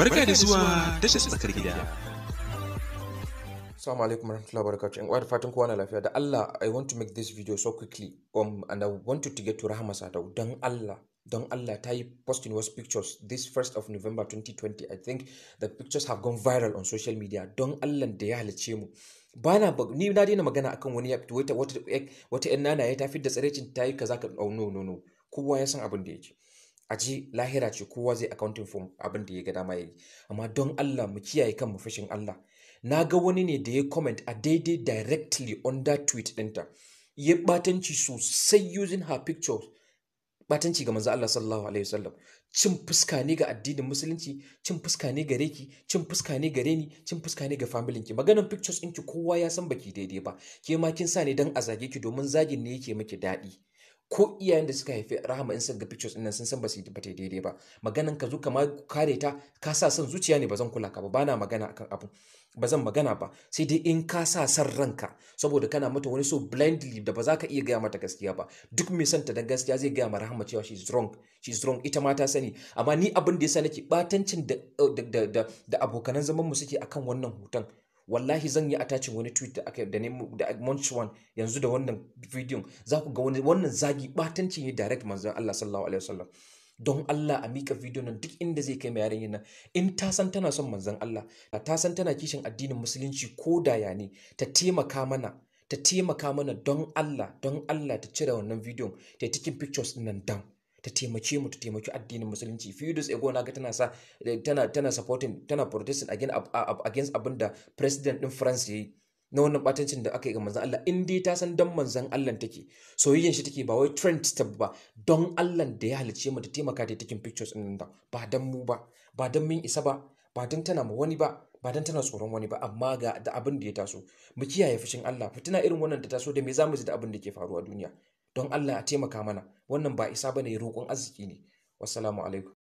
Barka da zuwa tashar tsakar gida. Assalamu alaikum warahmatullahi wabarakatuh. In da fatan kowa na lafiya da Allah I want to make this video so quickly um, and I want to get to Rahama Sadau don Allah don Allah ta yi posting wasu pictures this first of November 2020 I think the pictures have gone viral on social media don Allah da ya halice mu Ba na ba, ni na daina magana akan wani ya fito wata wata wata yan nana ya tafi da tsarecin ta yi kaza ka oh no no no kowa ya san abin da yake a ji lahira ce kowa zai accounting form abin da ya ga dama yi. amma don Allah mu kiyaye kanmu fashin Allah na ga wani ne da ya comment a daidai directly on that tweet ɗinta ya batanci sosai using her pictures batanci ga manzo Allah sallallahu alaihi wasallam cin fuska ne ga addinin musulunci cin fuska ne gare ki cin fuska ne gare ni cin fuska ne ga familin ki maganan pictures ɗinki kowa ya san baki daidai ba ke ma kin sa ne dan a zage ki domin zagin ne yake miki daɗi ko iyayen da suka haifi rahama in sun ga pictures ɗin nan sun san ba su yi ba daidai ba maganan ka zo ka ma kare ta ka sa son zuciya ne ba zan kula ka ba bana magana akan abu ba zan magana ba sai dai in ka sa san ranka saboda kana mata wani so blindly da ba za ka iya gaya mata gaskiya ba duk mai son ta da gaskiya zai gaya ma rahama cewa she's wrong is wrong ita ma ta sani amma ni abin da yasa nake batancin da da abokanan zaman mu suke akan wannan hoton wallahi zan yi attaching wani tweet da aka da ne da munch one yanzu da wannan bidiyon za ku ga wannan zagi batanci ne direct manzon Allah sallallahu alaihi wasallam don Allah a mika bidiyon nan duk inda zai kai yarinyar nan in ta san tana son manzon Allah ta san tana kishin addinin musulunci ko da ya ne ta taimaka mana ta taimaka mana don Allah don Allah ta cire wannan bidiyon ta yi cikin pictures nan dan. ta taimake mu ta taimaki addinin musulunci Fidus Ego na ga tana sa tana tana supporting tana protesting against against abin da president din France yayi na wannan batancin da aka yi ga manzan Allah in dai ta san dan manzon Allah take soyayyen shi take ba wai trend ta ba don Allah da ya halice mu ta taimaka ta taking pictures din da ba dan mu ba ba dan min isa ba ba dan tana ma wani ba ba dan tana tsoron wani ba amma ga da abin da ya taso mu kiyaye fushin Allah fitina irin wannan da taso da me zamu ji da abin da ke faruwa a duniya don Allah a taimaka mana wannan ba isa bane roƙon arziki ne wassalamu alaikum